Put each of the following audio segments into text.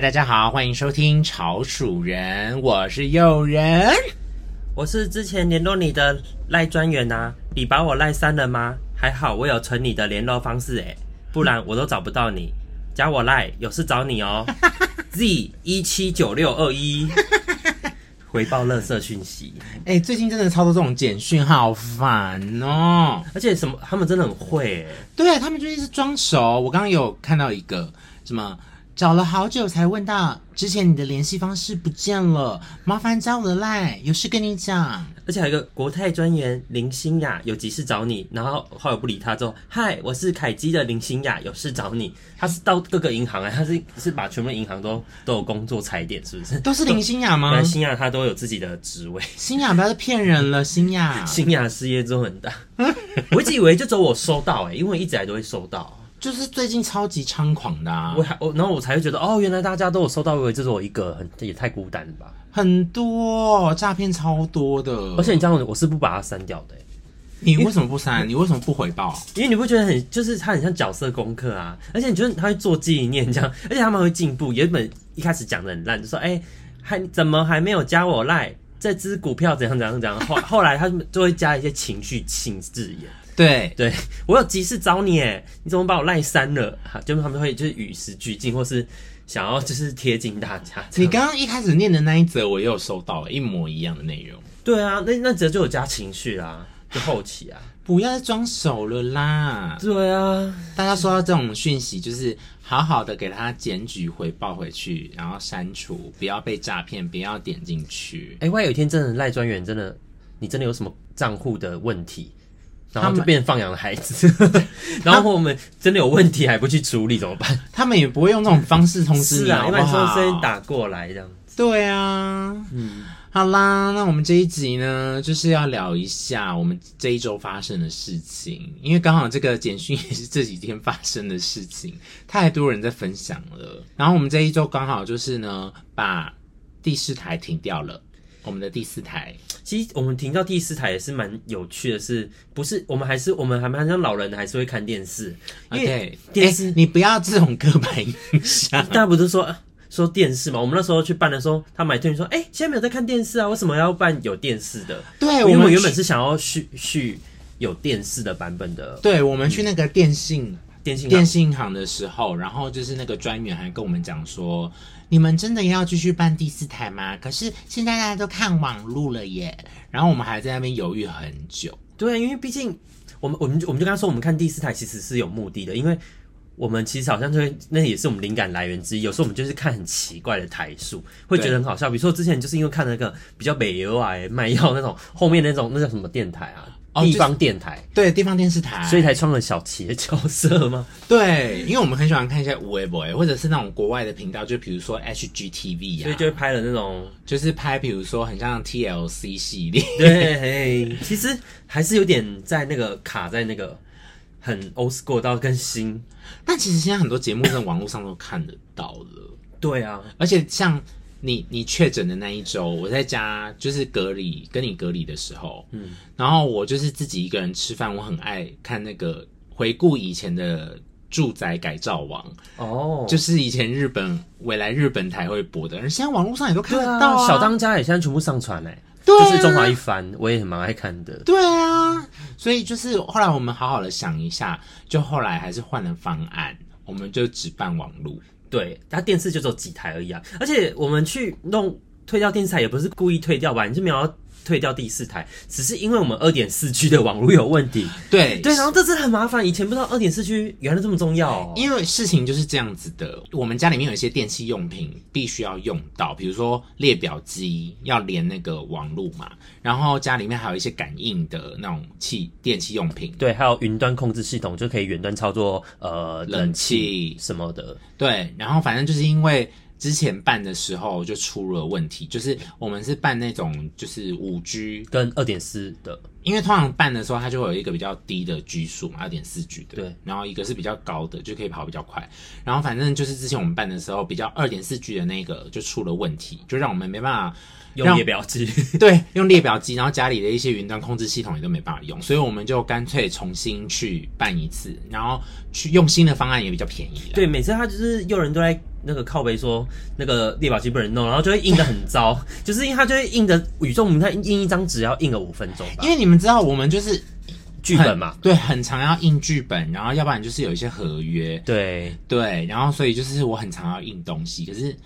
大家好，歡迎收聽《潮鼠人》，我是又仁，我是之前聯絡你的賴專員吶、啊。你把我賴刪了嗎？還好我有存你的聯絡方式哎、欸，不然我都找不到你。加我賴，有事找你哦。Z 一七九六二一， 回報垃圾訊息。哎、欸，最近真的超多這種簡訊，好煩哦。而且什麼，他們真的很會哎、欸，對他們就一直裝熟。我剛剛有看到一個什麼。找了好久才問到，之前你的聯繫方式不見了，麻煩加我的賴，有事跟你講。而且還有一個國泰專員林星雅，有急事找你，然後後來不理他之後，嗨，我是凱基的林星雅，有事找你。他是到各個銀行啊，他是是把全部銀行都都有工作踩點，是不是？都是林星雅嗎？那星雅她都有自己的職位。星雅不要再騙人了，星雅，星 雅事業之後很大。 我一直以為就只有我收到誒、欸，因為一直以來都會收到。就是最近超級猖狂的、啊，我我然後我才會覺得哦，原來大家都有收到，這是我一個很，也太孤單了吧？很多哦、詐騙超多的，而且你知道我是不把它刪掉的、欸。你為什麼不刪？你為什麼不回報？因為你不覺得很就是它很像角色功課啊？而且你覺得他會做紀念這樣？而且他們會進步，原本一開始講得很爛，就說哎、欸、還怎麼還沒有加我 LINE，這支股票怎樣怎樣怎樣？後 後來他們就會加一些情緒性字眼。對對，我有急事找你誒，你怎麼把我賴刪了？哈，就是他們會就是與時俱進，或是想要就是貼近大家。你剛剛一開始念的那一則，我又有收到，一模一樣的內容。對啊，那那則就有加情緒啊，就後期啊，不要再裝熟了啦。對啊，大家收到這種訊息，就是好好的給他檢舉回報回去，然後刪除，不要被詐騙，不要點進去。哎，萬一有一天真的賴專員，真的你真的有什麼賬戶的問題？然後就變成放養的孩子， 然後我們真的有問題還不去處理怎麼辦？他們也不會用這種方式通知、 啊、你好好，一般都是聲音打過來這樣子。對啊，嗯，好啦，那我們這一集呢，就是要聊一下我們這一周發生的事情，因為剛好這個簡訊也是這幾天發生的事情，太多人在分享了。然後我們這一周剛好就是呢，把第四台停掉了。我們的第四台，其實我們停到第四台也是蠻有趣的是，是不是？我們還是我們還蠻像老人的，還是會看電視。因為電視，Okay. 欸電視欸、你不要這種歌牌下，大家不是說說電視嘛？我們那時候去辦的時候，他買退，說：“哎、欸，現在沒有在看電視啊，為什麼要辦有電視的？”對因為我們原本是想要續續有電視的版本的，對,、嗯、對我們去那個電信。電信行電信行的時候，然後就是那個專員還跟我們講說：“你們真的要繼續辦第四台嗎？可是現在大家都看網路了耶。”然後我們還在那邊猶豫很久。對，因為畢竟我們我們我們就跟他說，我們看第四台其實是有目的的，因為我們其實好像就會，那也是我們靈感來源之一。有時候我們就是看很奇怪的台數，會覺得很好笑。比如說之前就是因為看那個比較北歐啊賣藥那種、嗯、後面那種那叫什麼電台啊。地方電台、哦就是、對地方電視台，所以才創了小旗的角色嗎？ 對，因為我們很喜歡看一些 v i b o 或者是那種國外的頻道，就比如說 HGTV、啊、所以就會拍了那種，就是拍比如說很像 TLC 系列。對， 嘿其實還是有點在那個卡在那個很 old school 到更新， 但其實現在很多節目 在網絡上都看得到了。對啊，而且像。你你確診的那一周，我在家就是隔離，跟你隔離的時候，嗯，然後我就是自己一個人吃飯，我很愛看那個回顧以前的住宅改造王哦，就是以前日本緯來日本台會播的，而現在網絡上也都看得到、啊啊，小當家也現在全部上傳嘞、欸，對、啊，就是中華一番我也蠻愛看的，對啊，所以就是後來我們好好的想一下，就後來還是換了方案，我們就只辦網絡。對，他電視就只有幾台而已啊，而且我們去弄退掉電視台也不是故意退掉吧，你就沒有要，退掉第四台，只是因為我們二點四 G 的網絡有問題。對對，然後這真的很麻煩。以前不知道二點四 G 原來這麼重要喔。因為事情就是這樣子的，我們家裡面有一些電器用品必須要用到，比如說列表機要連那個網路嘛，然後家裡面還有一些感應的那種器電器用品。對，還有雲端控制系統就可以遠端操作，呃，冷氣什麼的。對，然後反正就是因為。之前辦的時候就出了問題，就是我們是辦那種就是 5G 跟2.4的。因為通常辦的時候，它就會有一個比較低的 G 數嘛，二點四 G 的。對。然後一個是比較高的，就可以跑比較快。然後反正就是之前我們辦的時候，比較二點四 G 的那個就出了問題，就讓我們沒辦法沒用列表機。對， 用列表機，然後家裡的一些雲端控制系統也都沒辦法用，所以我們就乾脆重新去辦一次，然後去用新的方案也比較便宜。對，每次他就是又仁都在那個靠北說那個列表機不能弄，然後就會印得很糟， 就是因為他就會印得語重， 我們他印一張紙要印個五分鐘吧，因為你你們知道，我們就是劇本嘛，對，很常要印劇本，然後要不然就是有一些合約，對對，然後所以就是我很常要印東西，可是，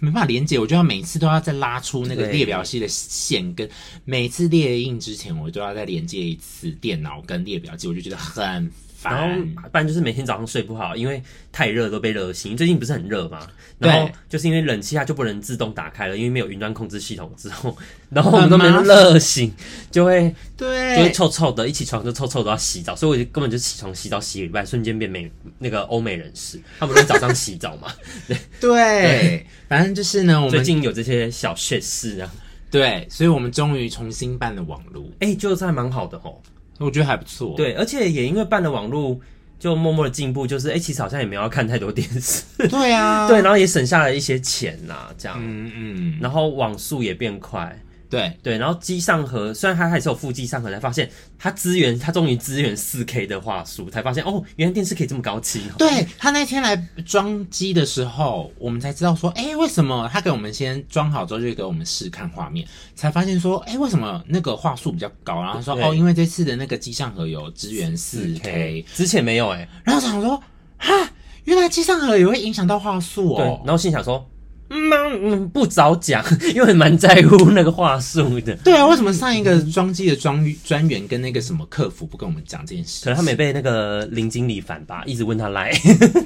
沒辦法連接，我就要每次都要再拉出那個列表機的線，跟每次列印之前，我都要再連接一次電腦跟列表機，我就覺得很。然後不然就是每天早上睡不好，因為太熱都被熱醒。最近不是很熱嗎？然後就是因為冷氣它就不能自動打開了，因為沒有雲端控制系統之後，然後我們都被熱醒就那，就會對，就會臭臭的，一起床就臭臭的都要洗澡，所以我就根本就起床洗澡洗個禮拜，瞬間變美那個歐美人士，他們不是早上洗澡嘛？ 對。對，反正就是呢，我們最近有這些小趣事啊。對，所以我們終於重新辦了網路，哎、欸，就算、是、蠻好的哦。我覺得還不錯，對，而且也因為辦了網絡，就默默的進步，就是、欸、其實好像也沒有要看太多電視，對啊， 對，然後也省下了一些錢吶、啊，這樣，嗯嗯，然後網速也變快。對對，然後機上盒雖然它還是有副機上盒，才發現它支援，它終於支援四 K 的畫素，才發現哦，原來電視可以這麼高清、哦。對，他那天來裝機的時候，我們才知道說，哎，為什麼他給我們先裝好之後就給我們試看畫面，才發現說，哎，為什麼那個畫素比較高？然後他說，哦，因為這次的那個機上盒有支援四 K，之前沒有哎。然後心想說，哈，原來機上盒也會影響到畫素哦。對，然後心想說。嗯，不早講，因為蠻在乎那個話術的。對啊，為什麼上一個裝機的裝專員跟那個什麼客服不跟我們講這件事？可能他沒被那個林經理煩吧，一直問他來，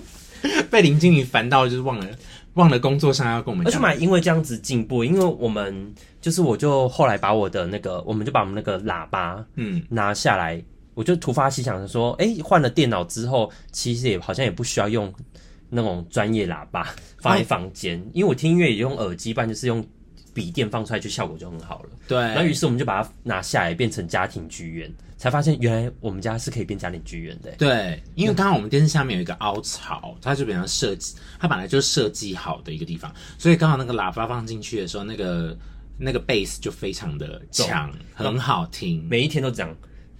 被林經理煩到就是忘了忘了工作上要跟我們講。而且買，因為這樣子進步，因為我們就是，我就後來把我的那個，我們就把我們那個喇叭嗯拿下來、嗯，我就突發奇想的說，哎、欸，換了電腦之後，其實也好像也不需要用。那種專業喇叭放在房間、啊，因為我聽音樂也用耳機，一般就是用筆電放出來就效果就很好了。對，那於是我們就把它拿下來變成家庭劇院，才發現原來我們家是可以變家庭劇院的、欸。對，因為剛好我們電視下面有一個凹槽、嗯，它就比較設計，它本來就設計好的一個地方，所以剛好那個喇叭放進去的時候，那個那個 bass 就非常的強，很好聽、嗯，每一天都這樣。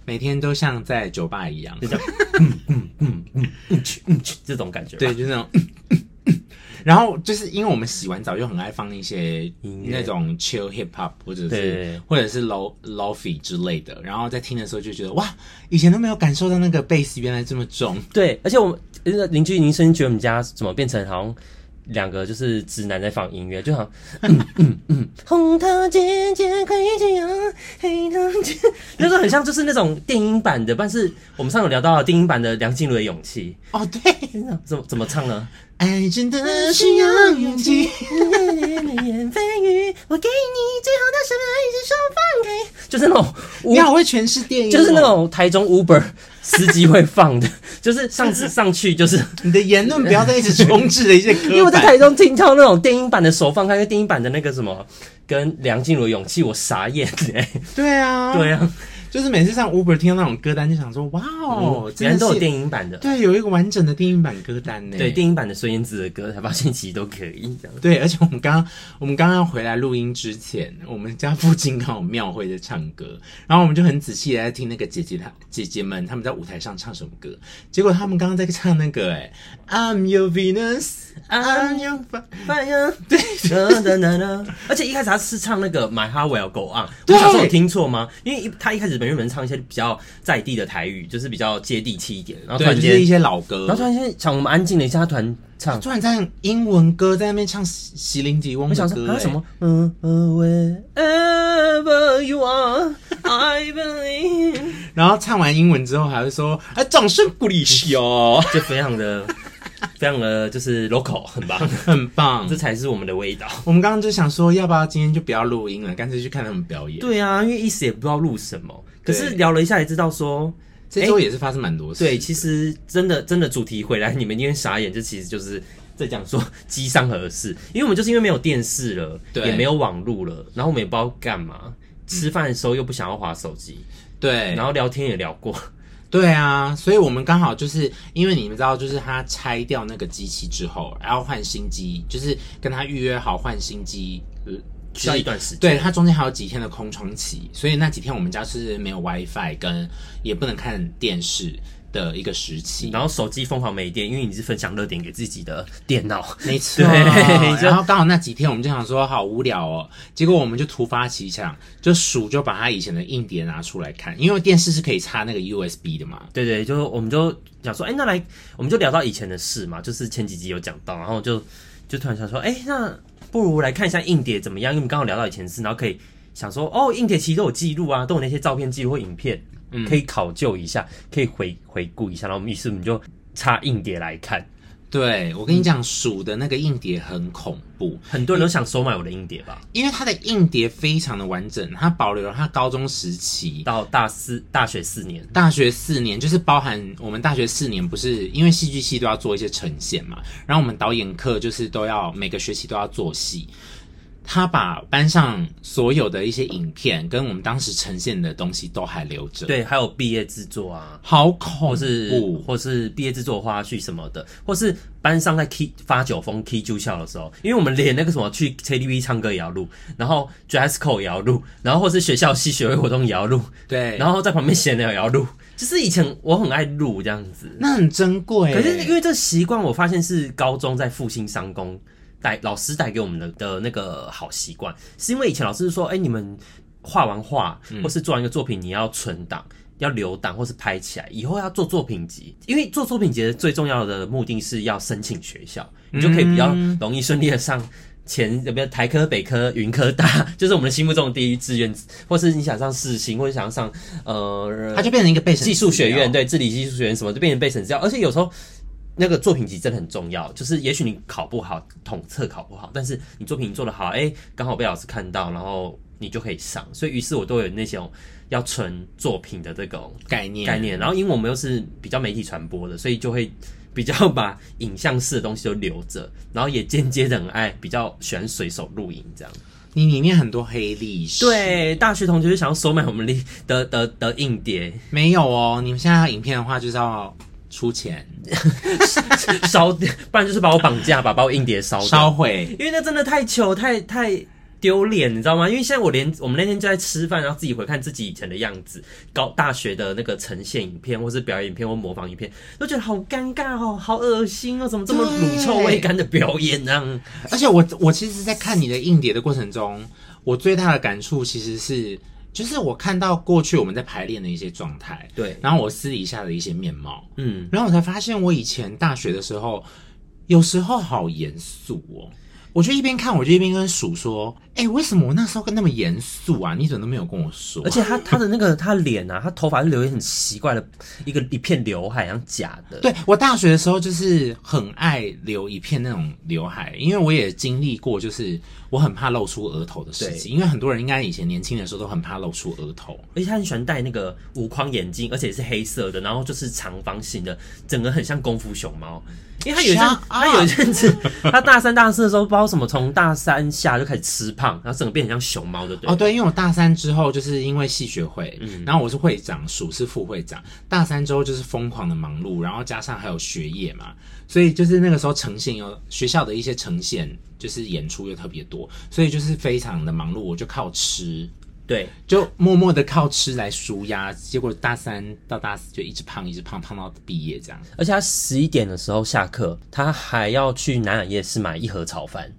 每天都像在酒吧一樣，嗯嗯，嗯，嗯，嗯，嗯，嗯這種感覺，對，就是那種、嗯嗯嗯。然後就是因為我們洗完澡就很愛放那些、yeah. 那種 chill hip hop 或者是對對對對或者是 lo lo-fi 之類的，然後在聽的時候就覺得哇，以前都沒有感受到那個 bass 原來這麼重。對，而且我們鄰居，您曾經覺得我們家怎麼變成好像？兩個就是直男在放音樂，就像，嗯 嗯嗯，紅桃姐姐快起床，黑桃姐，就是很像，就是那種電影版的，但是我們上次有聊到電影版的梁靜茹的勇氣。哦對，怎麼怎麼唱呢？愛真的需要勇氣，來面對流言蜚語，我給你最好的什麼，還只說放開？就是那種，你好會詮釋電影，哦，就是那種台中 Uber。 司機會放的，就是上次上去就是 你的言論，不要再一直充斥的一些。 因為我在台中聽到那種電音版的手放開，那電音版的那個什麼，跟梁靜茹的勇氣，我傻眼嘞、欸。對啊，對啊。就是每次上 Uber 聽到那種歌單，就想說哇哦，竟、嗯、然都有電影版的。對，有一個完整的電影版歌單呢。對，電影版的孫燕姿的歌，才發現其實都可以。 對，而且我們剛剛我們剛剛回來錄音之前，我們家附近剛好廟會在唱歌，然後我們就很仔細的在聽那個姐姐她姐姐們她們在舞台上唱什麼歌。結果她們剛剛在唱那個哎、嗯、，I'm your Venus，I'm I'm your fire, fire，對，等等等而且一開始他是唱那個 My Heart Will Go On 我小時候聽錯嗎？因為一他一開始。日本人唱一些比較在地的台語，就是比較接地氣一點。然後突然間、就是、一些老歌，然後突然間唱我們安靜了一下，突然唱，突然在英文歌在那邊唱《席琳狄翁》的歌、欸。哎，什麼、 uh, uh,？Wherever you are, I believe。 然後唱完英文之後，還會說哎，掌聲鼓勵哦，就非常的， 非常的就是 local，很棒， 很棒， 這才是我們的味道。我們剛剛就想說，要不要今天就不要錄音了，乾脆去看他們表演。對啊，因為一時也不知道錄什麼。可是聊了一下，也知道說，欸、這週也是發生蠻多事。對，其實真的真的主題回來，你們應該傻眼。這其實就是在講說機上盒事，因為我們就是因為沒有電視了，對，也沒有網路了，然後我們也不知道幹嘛。吃飯的時候又不想要滑手機，嗯，對，然後聊天也聊過，對啊。所以我們剛好就是因為你們知道，就是他拆掉那個機器之後，然後換新機，就是跟他預約好換新機。嗯需要一段時間，對，它中間還有幾天的空窗期，所以那幾天我們家是沒有 WiFi 跟，也不能看電視的一個時期，嗯、然後手機瘋狂沒電，因為你是分享熱點給自己的電腦，沒錯。然後剛好那幾天我們就想說好無聊哦，結果我們就突發奇想，就鼠就把他以前的硬碟拿出來看，因為電視是可以插那個 USB 的嘛。對對，對，就我們就想說，哎、欸，那來我們就聊到以前的事嘛，就是前幾集有講到，然後就就突然想說，哎、欸、那。不如來看一下硬碟，怎麼樣？因為我們剛好聊到以前事，然後可以想說，哦，硬碟其實都有記錄啊，都有那些照片記錄或影片，嗯、可以考究一下，可以回回顧一下。然後我們於是我們就插硬碟來看。對我跟你講，鼠、嗯、的那個硬碟很恐怖，很多人都想收買我的硬碟吧？因為他的硬碟非常的完整，他保留了他高中時期到大四大學四年，大學四年就是包含我們大學四年，不是因為戲劇系都要做一些呈現嘛？然後我們導演課就是都要每個學期都要做戲。他把班上所有的一些影片跟我們當時呈現的東西都還留着，對，還有畢業制作啊，好恐怖，或是畢業制作花絮什麼的，或是班上在 K 發酒瘋、K 住校的時候，因為我們連那個什麼去 KTV 唱歌也要錄，然後 Jazz Co 也要錄，然後或是學校系學會活動也要錄，對，然後在旁邊閒聊也要錄，就是以前我很愛錄這樣子，那很珍貴。可是因為這習慣，我發現是高中在復興商工。帶老師帶給我們的的那個好習慣，是因為以前老師是說，哎、欸，你們畫完畫或是做完一個作品，你要存檔，要留檔，或是拍起來，以後要做作品集。因為做作品集的最重要的目的是要申請學校，你就可以比較容易順利的上前，有沒有台科、北科、雲科大，就是我們心目中第一志願，或是你想上世新，或者想要上呃，他就變成一個備審，技術學院，對，治理技術學院什麼就變成備審資料，而且有時候。那個作品集真的很重要，就是也許你考不好，統測考不好，但是你作品你做的好，誒、欸，剛好被老師看到，然後你就可以上。所以，於是我都有那種要存作品的這種概念概念。然後，因為我們又是比較媒體傳播的，所以就會比較把影像式的東西都留着，然後也間接的很愛比較喜歡隨手錄影這樣。你裡面很多黑歷史，對大學同學就想要收買我們的的的的硬碟，沒有哦。你們現在的影片的話就是要。出錢燒掉， 不然就是把我綁架吧，把我硬碟燒燒毀，因為那真的太糗太太丟臉，你知道嗎？因為現在我連我們那天就在吃飯，然後自己回看自己以前的樣子，搞大學的那個呈現影片，或是表演影片，或模仿影片，都覺得好尷尬哦，好惡心哦，怎麼這麼乳臭未乾的表演呢、啊？而且我我其實，在看你的硬碟的過程中，我最大的感觸其實是。就是我看到過去我們在排練的一些狀態，對，然後我私底下的一些面貌，嗯，然後我才發現我以前大學的時候，有時候好嚴肅哦，我就一邊看，我就一邊跟鼠說。哎、欸，為什麼我那時候會那麼嚴肅啊？你怎麼都沒有跟我說、啊？而且他他的那個他臉啊，他頭髮是留也很奇怪的一個一片劉海像假的。對，我大學的時候就是很愛留一片那種劉海因為我也經歷過，就是我很怕露出額頭的事情對。因為很多人應該以前年輕的時候都很怕露出額頭。而且他很喜歡戴那個無框眼鏡，而且是黑色的，然後就是長方形的，整個很像功夫熊貓。因為他有一陣他有一陣子，他大三大四的時候 不知道什麼，從大三下就開始吃胖。然後整個變成像熊貓的哦，對，因為我大三之後就是因為系學會、嗯，然後我是會長，鼠是副會長。大三之後就是瘋狂的忙碌，然後加上還有學業嘛，所以就是那個時候呈現有學校的一些呈現，就是演出又特別多，所以就是非常的忙碌，我就靠吃，對，就默默的靠吃來紓壓。結果大三到大四就一直胖，一直胖，胖到畢業這樣。而且他十一點的時候下課，他還要去南雅夜市買一盒炒飯。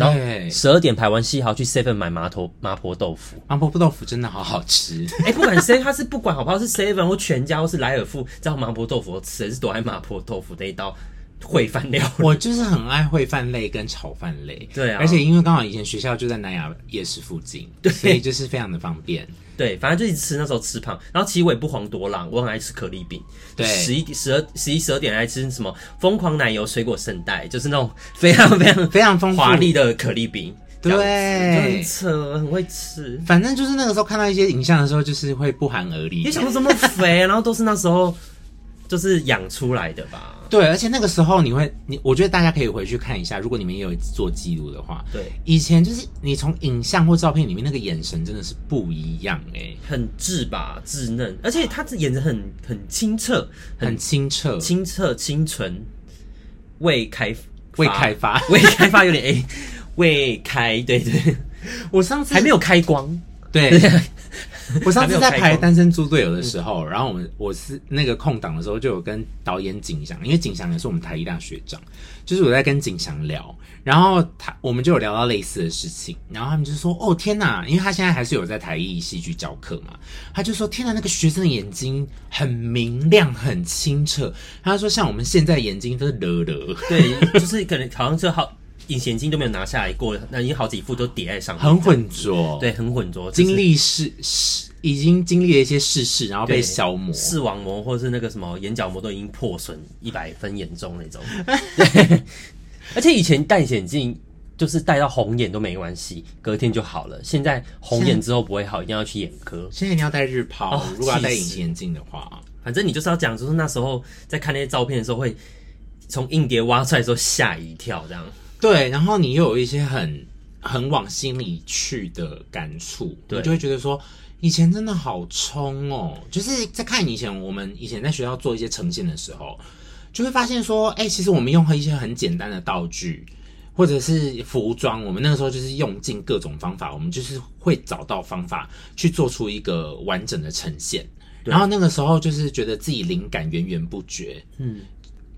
然後十二點排完戲，還要去 Seven 買麻麻婆豆腐。麻婆豆腐真的好好吃，哎、欸，不管誰，他是不管，好不好是 Seven 或全家或是萊爾富，只要麻婆豆腐，我吃的是躲在麻婆豆腐那一道燴飯料理。我就是很愛燴飯類跟炒飯類，對啊，而且因為剛好以前學校就在南雅夜市附近，對，所以就是非常的方便。對，反正就一直吃那時候吃胖，然後其實我也不遑多讓，我很愛吃可麗餅，十一、十二、十一、十二點來吃什麼瘋狂奶油水果聖代，就是那種非常非常 非常華麗的可麗餅，對，就很扯，很會吃。反正就是那個時候看到一些影像的時候，就是會不寒而栗。你想都這麼肥，然後都是那時候。 就是養出來的吧。對，而且那個時候你會，你我覺得大家可以回去看一下，如果你們也有做記錄的話。對，以前就是你從影像或照片裡面那個眼神真的是不一樣哎、欸，很稚吧，稚嫩，而且他這眼神很很清澈、啊、很清澈，很清澈，清澈、清純，未開發、未開發、未開發有點 A， 未開，對，對對，我上次還沒有開光，對。對我上次在排《單身豬隊友》的時候，然後我們我是那個空檔的時候，就有跟導演景祥，因為景祥也是我們台藝大學長，就是我在跟景祥聊，然後他我們就有聊到類似的事情，然後他們就說：“哦天哪！”因為他現在還是有在台藝戲劇教課嘛，他就說：“天哪，那個學生的眼睛很明亮、很清澈。”他說：“像我們現在的眼睛都是惹惹，對， 就是可能好像說好。”隱形眼鏡都沒有拿下來過，那已經好幾副都疊在上面，很混濁。對，很混濁，就是。經歷是事，已經經歷了一些世事，然後被消磨，視網膜或是那個什麼眼角膜都已經破損一百分嚴重那種。對 而且以前戴隱形眼鏡就是戴到紅眼都沒關係，隔天就好了。現在紅眼之後不會好，一定要去眼科。現在一定要戴日拋哦。如果要戴隱形眼鏡的話是是，反正你就是要講，就是那時候在看那些照片的時候，會從硬碟挖出來的時候嚇一跳，這樣。對，然後你又有一些很很往心裡去的感觸。對，你就會覺得說，以前真的好衝哦！就是在看以前我們以前在學校做一些呈現的時候，就會發現說，哎，其實我們用一些很簡單的道具或者是服裝，我們那個時候就是用盡各種方法，我們就是會找到方法去做出一個完整的呈現。對。然後那個時候就是覺得自己靈感源源不絕，嗯。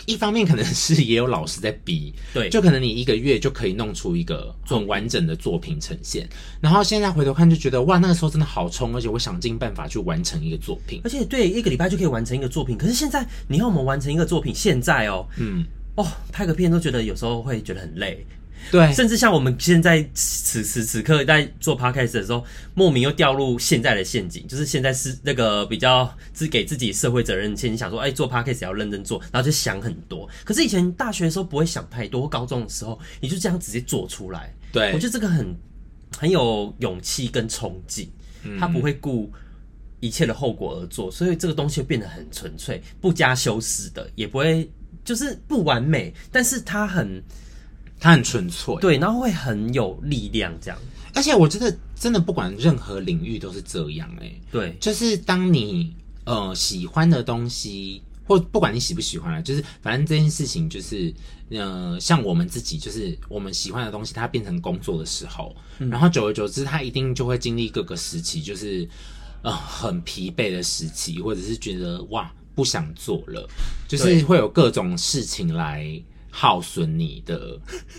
一方面可能是也有老師在逼，對，就可能你一個月就可以弄出一個很完整的作品呈現。嗯，然後現在回頭看就覺得哇，那個時候真的好衝，而且我想盡辦法去完成一個作品，而且對，一個禮拜就可以完成一個作品，可是現在你要我們完成一個作品，現在哦，嗯，哦，拍個片都覺得有時候會覺得很累。對，甚至像我們現在此時此，此，此刻在做 podcast 的時候，莫名又掉入現在的陷阱，就是現在是那個比較只給自己社會責任，你想說哎、欸，做 podcast 要認真做，然後就想很多。可是以前大學的時候不會想太多，高中的時候你就這樣直接做出來。對，我覺得這個很很有勇氣跟衝擊，他不會顧一切的後果而做、嗯，所以這個東西變得很純粹，不加修飾的，也不會就是不完美，但是它很。他很純粹，對，然後會很有力量，這樣。而且我覺得，真的不管任何領域都是這樣，欸，哎，對，就是當你呃喜歡的東西，或不管你喜不喜歡啊，就是反正這件事情就是，呃，像我們自己，就是我們喜歡的東西，它變成工作的時候，嗯，然後久而久之，它一定就會經歷各個時期，就是呃很疲憊的時期，或者是覺得哇不想做了，就是會有各種事情來。耗損你的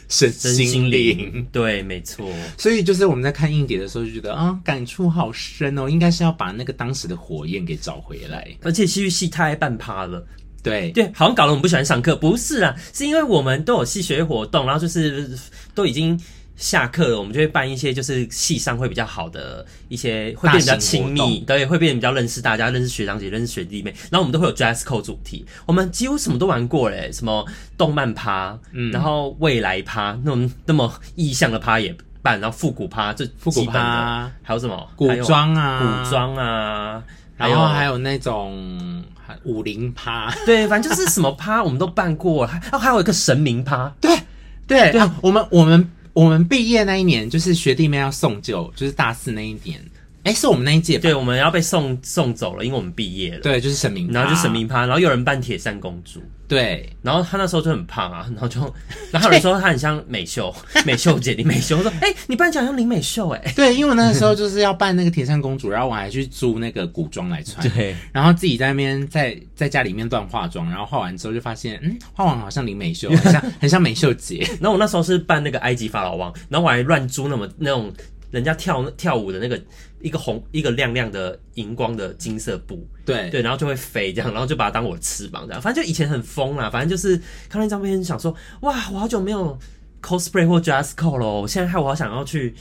身心靈，對，沒錯。所以就是我們在看硬碟的時候就覺得啊，感觸好深哦，應該是要把那個當時的火焰給找回來。而且戲劇系太半趴了，對對，好像搞得我們不喜歡上課。不是啊，是因為我們都有戲劇活動，然後就是都已經。下課，我們就會辦一些就是系上會比較好的一些會變得比較親密，對，會變得比較認識大家，認識學長姐，認識學弟妹。然後我們都會有 dress code 主題，我們幾乎什麼都玩過嘞，什麼動漫趴，嗯，然後未來趴，那種那麼意向的趴也辦，然後復古趴，這復古趴還有什麼古裝啊，古裝啊，然後還有那種武林趴，對，反正就是什麼趴 我們都辦過，還有一個神明趴，對對對，我們我們。我們畢業那一年，就是學弟妹要送舊，就是大四那一年。哎，是我們那一屆對，我們要被送送走了，因為我們畢業了。對，就是神明，然後就神明趴，然後有人扮鐵扇公主。對，然後他那時候就很胖啊，然後就，然後有人說他很像美秀，美秀姐，你美秀。說，哎、欸，你扮起來好像林美秀哎、欸。對，因為我那個時候就是要扮那個鐵扇公主、嗯，然後我還去租那個古裝來穿，對，然後自己在那邊在在家裡面亂化妝，然後化完之後就發現，嗯，化完好像林美秀，很像很像美秀姐。 然後我那時候是扮那個埃及法老王，然後我還亂租那麼那種人家跳跳舞的那個。一個紅，一個亮亮的熒光的金色布，對對，然後就會飛這樣，然後就把它當我翅膀這樣，反正就以前很瘋啦，反正就是看到一張片想說，哇，我好久沒有 cosplay 或 dress code 囉，現在害我好想要去。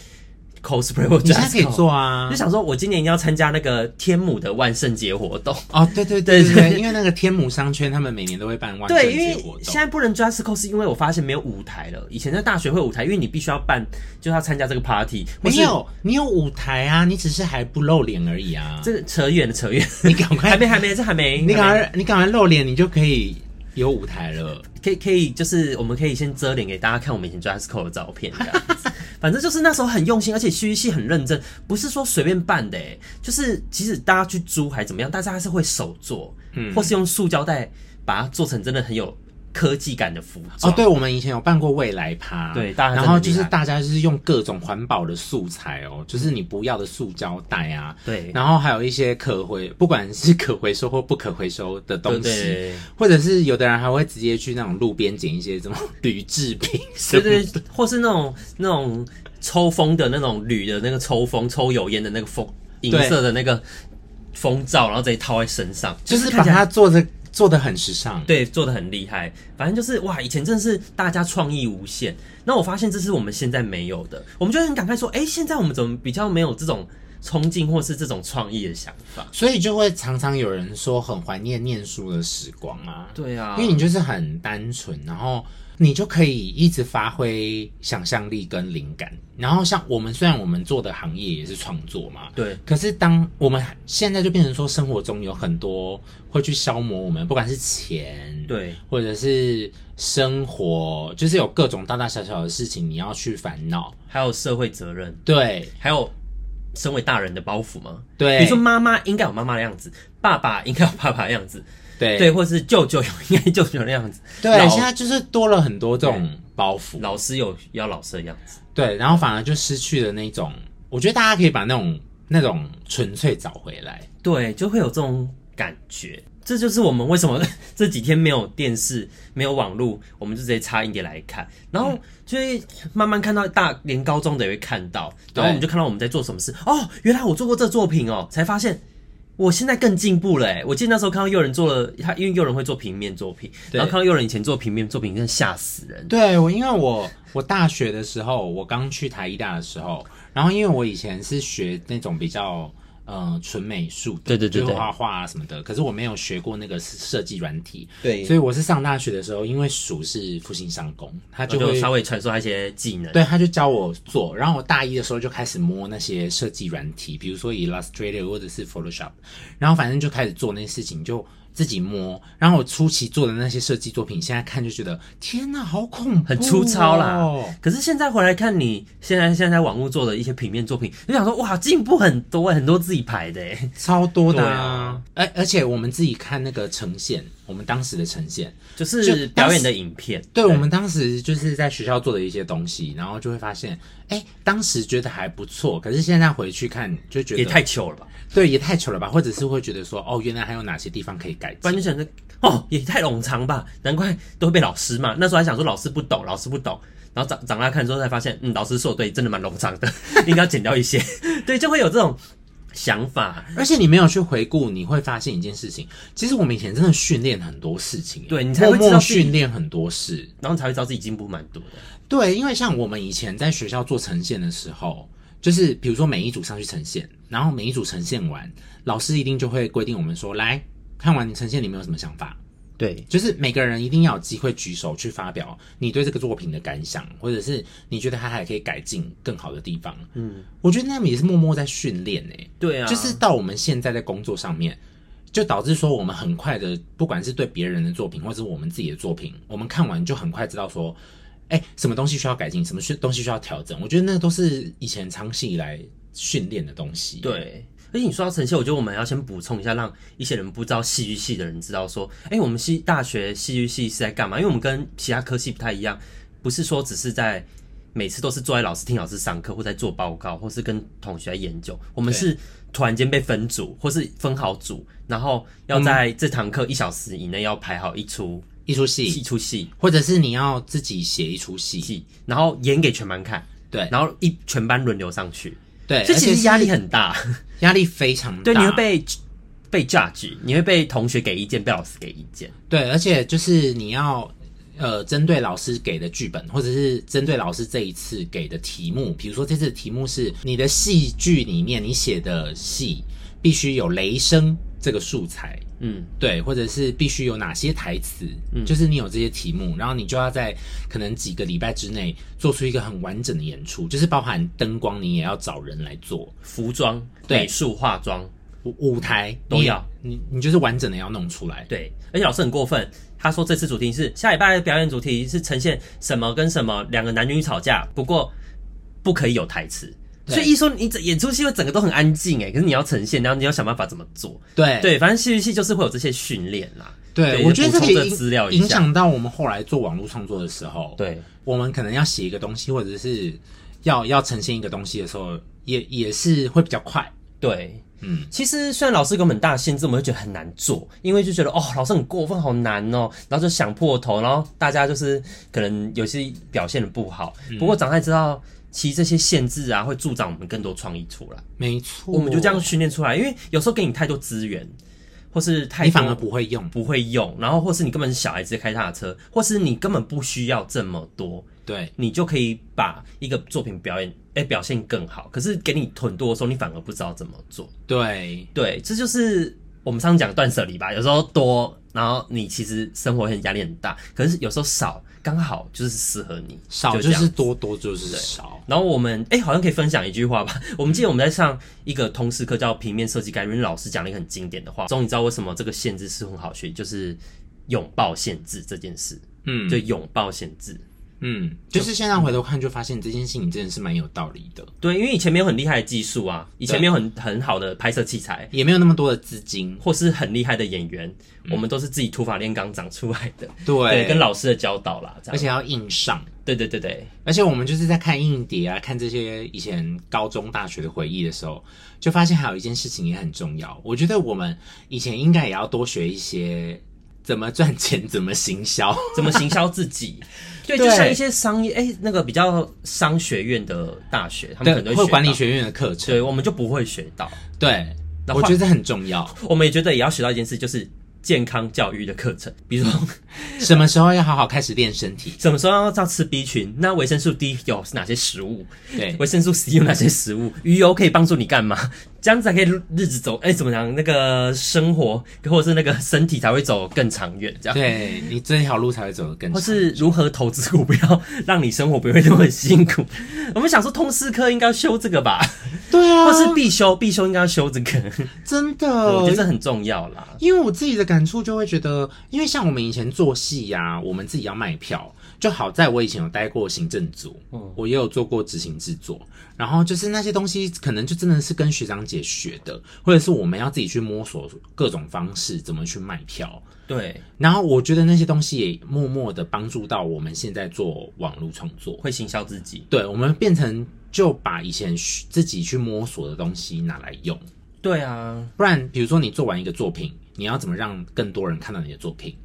cosplay 我，你現在可以做啊！就想說，我今年要參加那個天母的萬聖節活動。哦，對對對對,對,對,對對對，因為那個天母商圈，他們每年都會辦萬聖節活動。對，因為現在不能 dress code 是因為我發現沒有舞台了。以前在大學會舞台，因為你必須要辦，就是要參加這個 party。沒有，你有舞台啊！你只是還不露臉而已啊！這扯遠了，扯遠！你趕快 還，還沒還沒這還沒？你趕快，你趕快露臉，你就可以。有舞台了，可以可以，就是我們可以先遮臉給大家看我們以前 dress code 的照片這樣子， 反正就是那時候很用心，而且虛戲很認真，不是說隨便扮的，欸，就是即使大家去租還是怎麼樣，大家還是會手做，嗯，或是用塑膠袋把它做成真的很有。科技感的服裝哦，對，我們以前有辦過未來趴，對，然後就是大家就是用各種環保的素材哦、嗯，就是你不要的塑膠袋啊，對，然後還有一些可回，不管是可回收或不可回收的東西，對對對，或者是有的人還會直接去那種路邊撿一些什麼鋁製品，對，對對，或是那種那種抽風的那種鋁的那個抽風抽油煙的那個風銀色的那個風罩，然後直接套在身上，就是把它做成。做得很時尚，對，做得很厲害。反正就是哇，以前真的是大家創意無限。那我發現這是我們現在沒有的，我們就很感慨說，哎、欸，現在我們怎麼比較沒有這種憧憬或是這種創意的想法？所以就會常常有人說很懷念念書的時光啊。對啊，因為你就是很單純，然後。你就可以一直發揮想象力跟靈感。然後像我們，雖然我們做的行業也是創作嘛，對。可是當我們現在就變成說，生活中有很多會去消磨我們，不管是錢，對，或者是生活，就是有各種大大小小的事情你要去煩惱，還有社會責任，對，還有身為大人的包袱嘛，對。你說媽媽應該有媽媽的樣子，爸爸應該有爸爸的樣子。對，對，或是舅舅有，應該舅舅那樣子。對，現在就是多了很多這種包袱。老師有要老師的樣子。對，然後反而就失去了那種，我覺得大家可以把那種那種純粹找回來。對，就會有這種感覺。這就是我們為什麼這幾天沒有電視、沒有網路，我們就直接插硬碟來看。然後所以慢慢看到大，連高中的也會看到。然後我們就看到我們在做什麼事。哦，原來我做過這作品哦，才發現。我現在更進步了、欸、我記得那時候看到又仁做了他，因為又仁會做平面作品，然後看到又仁以前做平面作品，真的嚇死人。對，我因為我我大學的時候，我剛去台藝大的時候，然後因為我以前是學那種比較。嗯、呃，純美術，對對對，對，就畫畫啊什麼的。可是我沒有學過那個設計軟體，對，所以我是上大學的時候，因為鼠是復興商工，他就會就稍微傳授他一些技能，對，他就教我做。然後我大一的時候就開始摸那些設計軟體，比如說以 Illustrator 或者是 Photoshop，然後反正就開始做那些事情就。自己摸，然後我初期做的那些設計作品，現在看就覺得天哪，好恐怖哦，很粗糙啦。可是現在回來看你現在現在在網路做的一些平面作品，你想說哇，進步很多哎，很多自己排的哎，超多的啊，哎，而且我們自己看那個呈現。我們當時的呈現就，就是表演的影片，對，對，我們當時就是在學校做的一些東西，然後就會發現，哎、欸，當時覺得還不錯，可是現在回去看就覺得也太糗了吧？對，也太糗了吧？或者是會覺得說，哦，原來還有哪些地方可以改進？完全覺得哦，哦，也太冗長吧？難怪都會被老師罵。那時候還想說老師不懂，老師不懂。然後長長大看之後才發現，嗯，老師說的對，真的蠻冗長的， 應該要剪掉一些。 對，就會有這種。想法，而且你沒有去回顧，你會發現一件事情。其實我們以前真的訓練很多事情，對，你才會知道訓練很多事，然後才會知道自己進步蠻多的。對，因為像我們以前在學校做呈現的時候，就是比如說每一組上去呈現，然後每一組呈現完，老師一定就會規定我們說，來，看完你呈現，你沒有什麼想法。對，就是每個人一定要有機會舉手去發表你對這個作品的感想，或者是你覺得它還可以改進更好的地方。嗯，我覺得那也是默默在訓練呢。對啊，就是到我們現在在工作上面，就導致說我們很快的，不管是對別人的作品，或者我們自己的作品，我們看完就很快知道說，哎、欸，什麼東西需要改進，什麼東西需要調整。我覺得那都是以前長期以來訓練的東西、欸。對。所以你說到成績，我覺得我們要先補充一下，讓一些人不知道戲劇系的人知道，說，哎、欸，我們戲大學戲劇系是在幹嘛？因為我們跟其他科系不太一樣，不是說只是在每次都是坐在老師，聽老師上課，或在做報告，或是跟同學在研究。我們是突然間被分組，或是分好組，然後要在這堂課一小時以內要排好一出一出戲，一出戲，或者是你要自己寫一出戲，然後演給全班看。對，然後一全班輪流上去。對，這其實壓力很大。 壓力非常大，對，你會被被 judge，你會被同學給意見，被老師給意見，對，而且就是你要呃，針對老師給的劇本，或者是針對老師這一次給的題目，比如說這次的題目是你的戲劇裡面你寫的戲必須有雷聲這個素材。嗯，對，或者是必須有哪些台詞？嗯，就是你有這些題目，然後你就要在可能幾個禮拜之內做出一個很完整的演出，就是包含燈光，你也要找人來做服裝、美術、化妝、舞舞台都要，你你，你就是完整的要弄出來。對，而且老師很過分，他說這次主題是下禮拜的表演主題是呈現什麼跟什麼兩個男女吵架，不過不可以有台詞。所以一說你整演出戲，會整個都很安靜哎、欸，可是你要呈現，然後你要想辦法怎麼做？對對，反正戲劇系就是會有這些訓練啦，對。對，我覺得這個資料影響到我們後來做網絡創作的時候，對，我們可能要寫一個東西，或者是要要呈現一個東西的時候，也也是會比較快。對，嗯，其實雖然老師給我們很大限制，我們會覺得很難做，因為就覺得哦，老師很過分，好難哦，然後就想破頭，然後大家就是可能有些表現的不好、嗯，不過長大知道。其實這些限制啊，會助長我們更多創意出來。沒錯，我們就這樣訓練出來。因為有時候給你太多資源，或是太多，你反而不會用，不會用。然後，或是你根本是小孩子開他的車，或是你根本不需要這麼多。對，你就可以把一個作品表演，哎、欸，表現更好。可是給你很多的時候，你反而不知道怎麼做。對，對，這就是我們上次講斷捨離吧。有時候多。然後你其實生活很壓力很大，可是有時候少剛好就是適合你，少就是多，多就是少。對，然後我們哎、欸，好像可以分享一句話吧。我們記得我們在上一個通識課叫平面設計概論，老師講了一個很經典的話，終於知道為什麼這個限制是很好學，就是擁抱限制這件事。嗯，就擁抱限制。嗯，就是現在回頭看，就發現這件事情真的是蠻有道理的。對，因為以前沒有很厲害的技術啊，以前沒有很很好的拍攝器材，也沒有那麼多的資金，或是很厲害的演員，嗯，我們都是自己土法煉鋼長出來的對。對，跟老師的教導啦，這樣。而且要硬上。對對對對，而且我們就是在看硬碟啊，看這些以前高中大學的回憶的時候，就發現還有一件事情也很重要。我覺得我們以前應該也要多學一些怎麼賺錢，怎麼行銷， 怎麼行銷自己。對，對，就像一些商業誒、欸，那個比較商學院的大學，他們可能會，會管理學院的課程，對，我們就不會學到。對，我覺得這很重要，我們也覺得也要學到一件事，就是。健康教育的課程，比如說什麼時候要好好開始練身體，什麼時候要照吃 B 群，那維生素 D 有是哪些食物？對，維生素 C 有哪些食物？魚油可以幫助你幹嘛？這樣子還可以日子走，哎、欸，怎麼講？那個生活或者是那個身體才會走更長遠，這樣對你這一條路才會走得更長。或是如何投資股票，不要讓你生活不會那麼辛苦。 我們想說，通識課應該修這個吧。對啊，或是必修，必修應該要修這個，真的，我覺得這很重要啦。因為我自己的感觸就會覺得，因為像我們以前做戲呀、啊，我們自己要賣票，就好在我以前有待過行政組，哦、我也有做過執行制作，然後就是那些東西，可能就真的是跟學長姐學的，或者是我們要自己去摸索各種方式，怎麼去賣票。對，然後我覺得那些東西也默默的幫助到我們現在做網絡創作，會行銷自己，對我們變成。就把以前自己去摸索的東西拿來用，對啊，不然比如說你做完一個作品，你要怎麼讓更多人看到你的作品，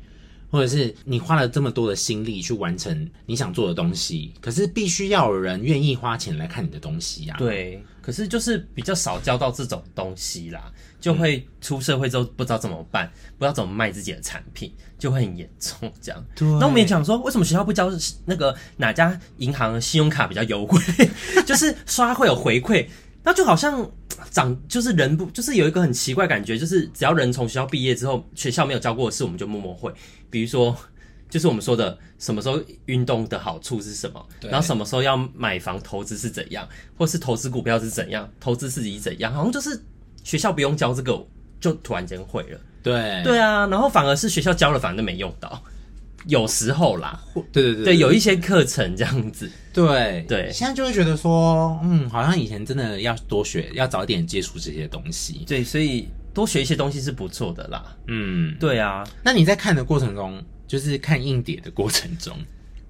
或者是你花了這麼多的心力去完成你想做的東西，可是必須要有人願意花錢來看你的東西啊。對，可是就是比較少教到這種東西啦。就會出社會之後不知道怎麼辦，嗯，不知道怎麼賣自己的產品，就會很嚴重這樣。那我們也講說，為什麼學校不教那個哪家銀行的信用卡比較優惠， 就是刷會有回饋？ 那就好像長，就是人不就是有一個很奇怪感覺，就是只要人從學校畢業之後，學校沒有教過的事，我們就默默會。比如說，就是我們說的什麼時候運動的好處是什麼，然後什麼時候要買房投資是怎樣，或是投資股票是怎樣，投資自己怎樣，好像就是。學校不用教這個，就突然間會了。對對啊，然後反而是學校教了，反而都沒用到。有時候啦，對對對，對，對，對有一些課程這樣子。對對，對，現在就會覺得說，嗯，好像以前真的要多學，要早一點接觸這些東西。對，所以多學一些東西是不錯的啦。嗯，對啊。那你在看的過程中，就是看硬碟的過程中，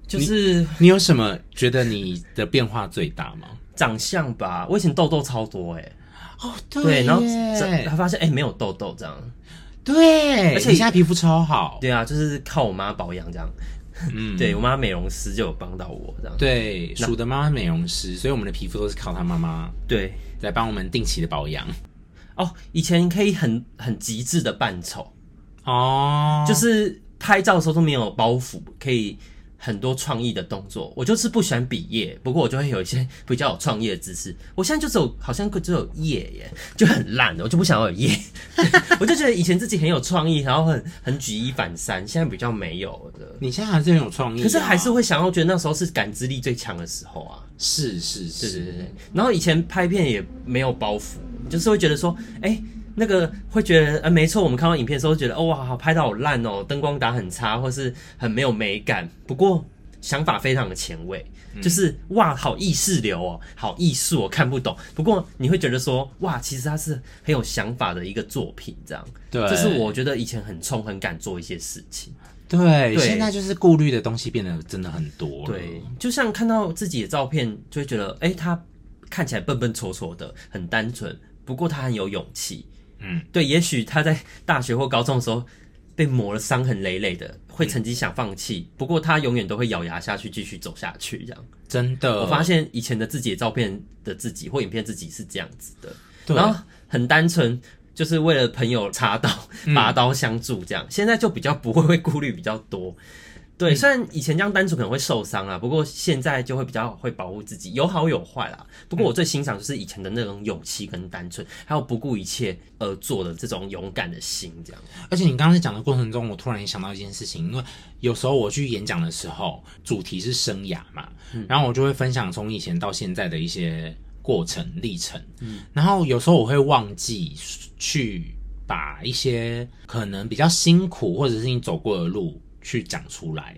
就是你，你有什麼覺得你的變化最大嗎？ 長相吧，我以前痘痘超多哎、欸。哦、oh，對，然後他發現哎、欸，沒有痘痘這樣，對，而且你現在皮膚超好，對啊，就是靠我媽保養這樣，嗯， 對我媽美容師就有幫到我這樣，對，鼠的媽媽美容師，所以我們的皮膚都是靠他媽媽對來幫我們定期的保養。哦，oh, 以前可以很很極致的扮醜哦，oh. 就是拍照的時候都沒有包袱，可以。很多創意的動作，我就是不喜歡比耶。不過我就會有一些比較有創意的姿勢。我現在就只有好像只有耶耶，就很爛，我就不想要有耶。 我就覺得以前自己很有創意，然後很很舉一反三，現在比較沒有的。你現在還是很有創意，啊，可是還是會想要覺得那時候是感知力最強的時候啊。是是是是是是，然後以前拍片也沒有包袱，就是會覺得說，哎，欸。那個會覺得，呃，沒錯，我們看到影片的時候覺得，哦哇，拍到好爛哦，燈光打很差，或是很沒有美感。不過想法非常的前衛，就是哇，好意識流哦，好藝術哦，我看不懂。不過你會覺得說，哇，其實它是很有想法的一個作品，這樣。對，就是我覺得以前很衝、很敢做一些事情。對，對現在就是顧慮的東西變得真的很多。對，就像看到自己的照片，就會覺得，欸，他看起來笨笨拙拙的，很單純，不過他很有勇氣。嗯，對，也許他在大學或高中的時候被磨了，傷痕累累的，會曾經想放棄，嗯，不過他永遠都會咬牙下去，繼續走下去，這樣。真的，我發現以前的自己的照片的自己或影片自己是這樣子的，對。然後很單純，就是為了朋友插刀、拔刀相助這樣。嗯。現在就比較不會會顧慮比較多。對、嗯，雖然以前這樣單純可能會受傷啊，不過現在就會比較會保護自己，有好有壞啦。不過我最欣賞就是以前的那種勇氣跟單純、嗯，還有不顧一切而做的這種勇敢的心，這樣。而且你剛才講的過程中，我突然也想到一件事情，因為有時候我去演講的時候，主題是生涯嘛，嗯、然後我就會分享從以前到現在的一些過程歷程，嗯，然後有時候我會忘記去把一些可能比較辛苦或者是你走過的路。去講出來，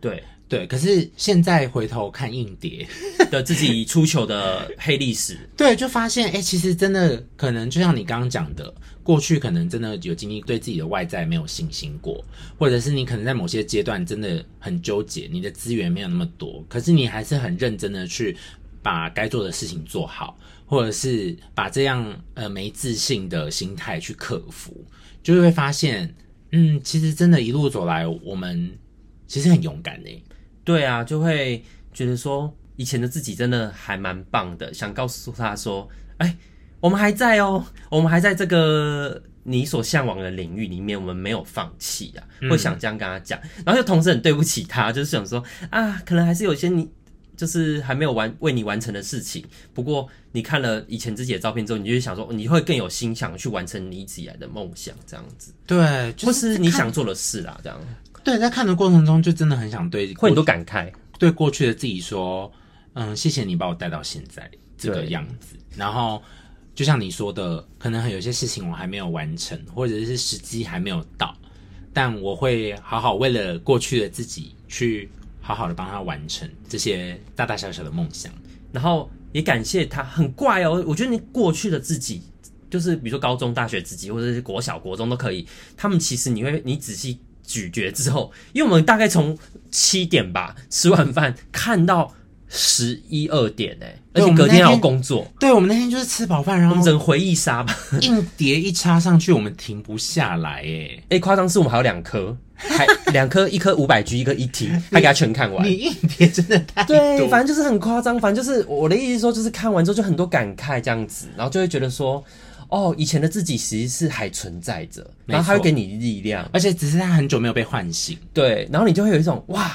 對對，可是現在回頭看硬碟的自己出糗的黑歷史， 對，就發現哎、欸，其實真的可能就像你剛剛講的，過去可能真的有經歷對自己的外在沒有信心過，或者是你可能在某些階段真的很糾結，你的資源沒有那麼多，可是你還是很認真的去把該做的事情做好，或者是把這樣呃沒自信的心態去克服，就會發現。嗯，其實真的，一路走來，我們其實很勇敢的、欸。對啊，就會覺得說，以前的自己真的還蠻棒的，想告訴他說，哎、欸，我們還在哦、喔，我們還在這個你所嚮往的領域裡面，我們沒有放棄啊、嗯，會想這樣跟他講，然後就同時很對不起他，就是想說啊，可能還是有些你。就是還沒有完為你完成的事情，不過你看了以前自己的照片之後，你就會想說，你會更有心想去完成你自己的夢想，這樣子。對，或，就是你想做的事啦、啊，這樣。對，在看的過程中就真的很想對，會很多感慨，對過去的自己說，嗯，謝謝你把我帶到現在這個樣子。然後就像你說的，可能有些事情我還沒有完成，或者是時機還沒有到，但我會好好為了過去的自己去。好好的幫他完成這些大大小小的夢想，然後也感謝他。很怪哦、喔，我覺得你過去的自己，就是比如說高中、大學自己，或者是國小、國中都可以。他們其實你會，你仔細咀嚼之後，因為我們大概從七點吧吃晚飯、嗯，看到十一二點哎、欸，而且隔天要工作。對，我們那天就是吃飽飯，然後我們整回憶殺，硬碟一插上去，我們停不下來哎、欸、哎，欸，誇張是我們還有兩顆。 還兩顆，一顆五百 G，一顆一 T，還給他全看完。你毅力真的太。對，反正就是很誇張，反正就是我的意思說，就是看完之後就很多感慨這樣子，然後就會覺得說，哦，以前的自己其實是還存在着，然後他會給你力量，而且只是他很久沒有被喚醒，對，然後你就會有一種哇，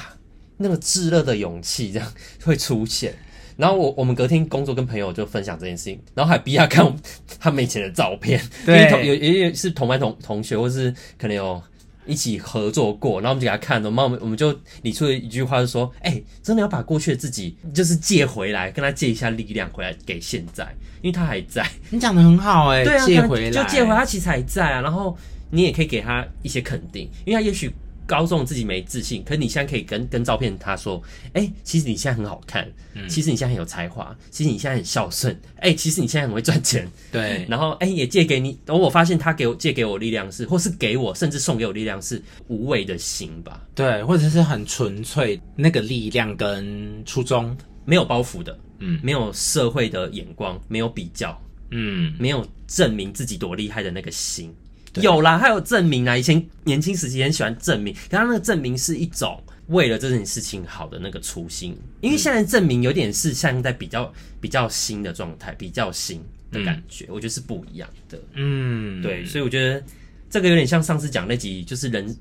那個炙熱的勇氣這樣會出現。然後我我們隔天工作跟朋友就分享這件事情，然後還逼他看他們以前的照片， 對，有有有是同班同同學，或是可能有。一起合作過，然後我們就給他看，然後我們我們就理出了一句話，就說：哎、欸，真的要把過去的自己就是借回來，跟他借一下力量回來給現在，因為他還在。你講得很好哎、欸，對啊，借回來就借回來，他其實還在啊。然後你也可以給他一些肯定，因為他也許。高中自己沒自信，可是你現在可以跟跟照片他說：“哎、欸，其實你現在很好看，嗯，其實你現在很有才華，其實你現在很孝順，哎、欸，其實你現在很會賺錢，對。嗯、然後哎、欸，也借給你。等我發現他給我借給我力量是，或是給我，甚至送給我力量是無畏的心吧，對，或者是很純粹那個力量跟初衷，沒有包袱的，嗯，沒有社會的眼光，沒有比較，嗯，沒有證明自己多厲害的那個心。”有啦，還有證明啊！以前年輕時期很喜歡證明，可是那個證明是一種為了這件事情好的那個初心，因為現在證明有點是像在比較比較新的狀態，比較新的感覺，嗯，我覺得是不一樣的。嗯，對，所以我覺得這個有點像上次講那集，就是人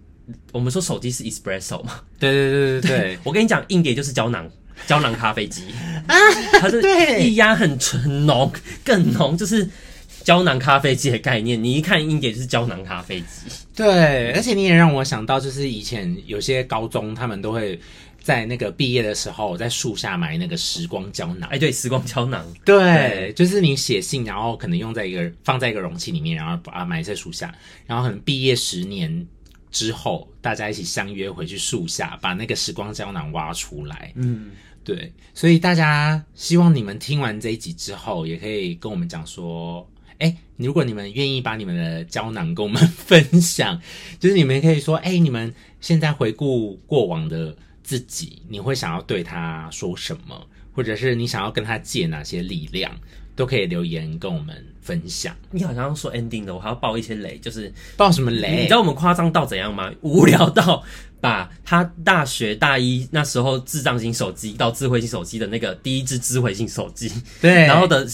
我們說手機是 espresso 嘛？對對對對對，對對，我跟你講，硬碟就是膠囊，膠囊咖啡機 啊，對它是一壓很純濃，更濃就是。膠囊咖啡機的概念，你一看一點就是膠囊咖啡機。對，而且你也讓我想到，就是以前有些高中，他們都會在那個畢業的時候，在樹下埋那個時光膠囊。哎，對，時光膠囊。對，對就是你寫信，然後可能用在一個放在一個容器裡面，然後把它埋在樹下，然後可能畢業十年之後，大家一起相約回去樹下，把那個時光膠囊挖出來。嗯，對。所以大家希望你們聽完這一集之後，也可以跟我們講說。如果你們願意把你們的膠囊跟我們分享，就是你們可以說，哎、欸，你們現在回顧過往的自己，你會想要對他說什麼，或者是你想要跟他借哪些力量，都可以留言跟我們分享。你好像說 ending 的，我還要爆一些雷，就是爆什麼雷？你，你知道我們誇張到怎樣嗎？無聊到把他大學大一那時候智障型手機到智慧型手機的那個第一只智慧型手機，對，然後的。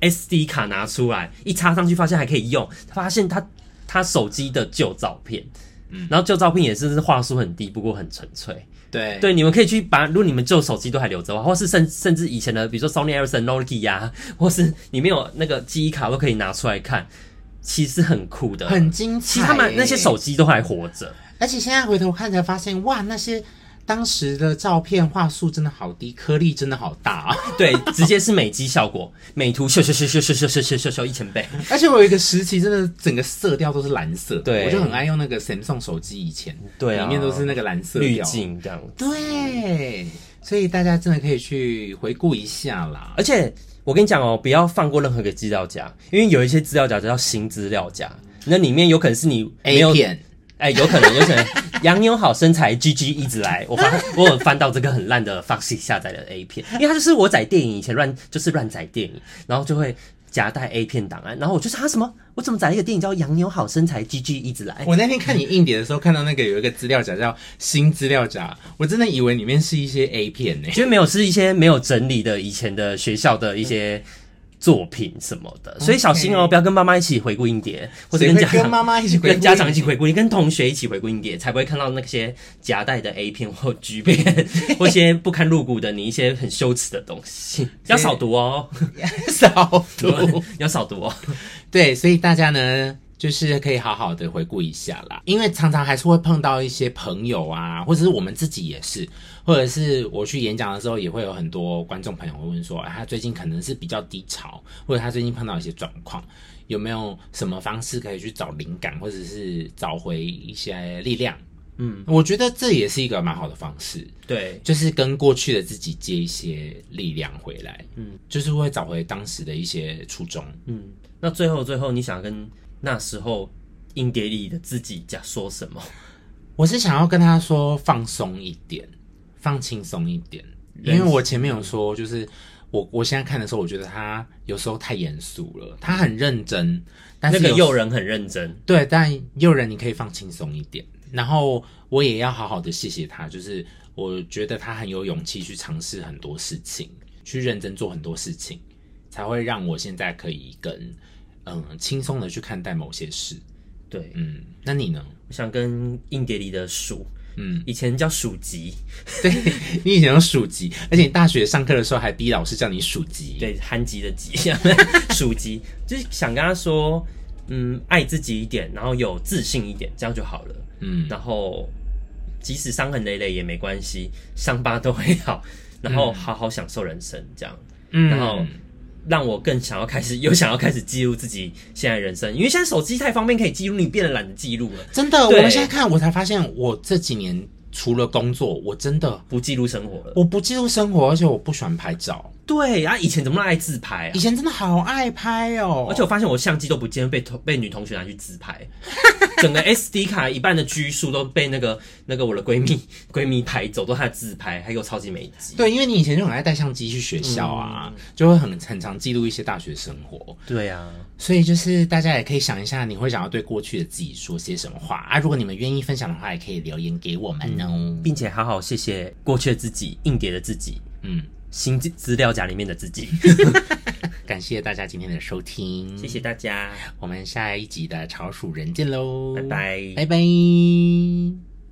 SD 卡拿出來，一插上去發現還可以用，發現他他手機的舊照片，嗯，然後舊照片也是畫質很低，不過很純粹。對對，你們可以去把，如果你們舊手機都還留着的話，或是甚甚至以前的，比如說 Sony Ericsson、Nokia 呀，或是你沒有那個記憶卡都可以拿出來看，其實很酷的，很精彩欸。其實他們那些手機都還活着，而且現在回頭看才發現，哇，那些。當時的照片畫素真的好低，顆粒真的好大啊！ 對，直接是美肌效果，美圖咻咻咻咻咻咻咻咻咻，一千倍！而且我有一個時期真的整個色調都是藍色，對我就很愛用那個 Samsung 手機，以前對、啊，裡面都是那個藍色濾鏡，這樣、啊啊。對，所以大家真的可以去回顧一下啦。而且我跟你講哦，不要放過任何一個資料夾，因為有一些資料夾叫新資料夾，那裡面有可能是你沒有。A 片哎、欸，有可能，有可能。《洋妞好身材》GG 一直來，我翻，我有翻到這個很爛的 Foxy 下載的 A 片，因為它就是我載電影以前亂，就是亂載電影，然後就會夾帶 A 片檔案，然後我就說他、啊、什麼，我怎麼載了一個電影叫《洋妞好身材》GG 一直來？我那天看你硬碟的時候，看到那個有一個資料夾叫新資料夾，我真的以為裡面是一些 A 片呢、欸，其、嗯、實沒有，是一些沒有整理的以前的學校的一些、嗯。作品什麼的，所以小心哦，Okay. 不要跟媽媽一起回顧硬碟，或者跟家長、跟,媽媽跟家長一起回顧，你跟同學一起回顧硬碟，才不會看到那些夾帶的 A 片或 G 片， 或些不堪入目的你一些很羞恥的東西。要掃毒哦， 掃毒， 要掃毒、哦。 對，所以大家呢。就是可以好好的回顧一下啦，因為常常還是會碰到一些朋友啊，或者是我們自己也是，或者是我去演講的時候，也會有很多觀眾朋友會問說，他最近可能是比較低潮，或者他最近碰到一些狀況，有沒有什麼方式可以去找靈感，或者是找回一些力量？嗯，我覺得這也是一個蠻好的方式。對，就是跟過去的自己借一些力量回來。嗯，就是會找回當時的一些初衷。嗯，那最後最後你想跟那時候，硬碟裡的自己講說什麼？我是想要跟他說放鬆一點，放輕鬆一點。因為我前面有說，就是我我現在看的時候，我覺得他有時候太嚴肅了，他很認真，嗯、但是那個又仁很認真，對，但又仁你可以放輕鬆一點。然後我也要好好的謝謝他，就是我覺得他很有勇氣去嘗試很多事情，去認真做很多事情，才會讓我現在可以跟。嗯，輕鬆的去看待某些事。對，嗯，那你呢？我想跟硬碟裡的鼠，嗯，以前叫鼠吉，對，你以前叫鼠吉， 而且你大學上課的時候還逼老師叫你鼠吉，對，憨吉的吉，鼠 吉，就是想跟他說，嗯，愛自己一點，然後有自信一點，這樣就好了。嗯，然後即使傷痕累累也沒關係，傷疤都會好，然後好好享受人生，嗯、這樣。嗯，然後。讓我更想要開始，又想要開始記錄自己現在人生，因為現在手機太方便，可以記錄，你變得懶得記錄了。真的，我們現在看，我才發現我這幾年除了工作，我真的不記錄生活了。我不記錄生活，而且我不喜歡拍照。對啊，以前怎麼那麼愛自拍啊？以前真的好愛拍哦，而且我發現我相機都不見得被，被同被女同學拿去自拍， 整個 SD 卡一半的 G 數都被那個那個我的閨蜜閨蜜拍走，都她的自拍，還有超級美肌。對，因為你以前就很愛帶相機去學校啊，嗯、就會很很常記錄一些大學生活。對啊，所以就是大家也可以想一下，你會想要對過去的自己說些什麼話啊？如果你們願意分享的話，也可以留言給我們哦嗯，並且好好謝謝過去的自己，硬碟的自己。嗯。新資料夾裡面的自己 感謝大家今天的收聽，謝謝大家，我們下一集的潮鼠人見嘍，拜拜，拜拜。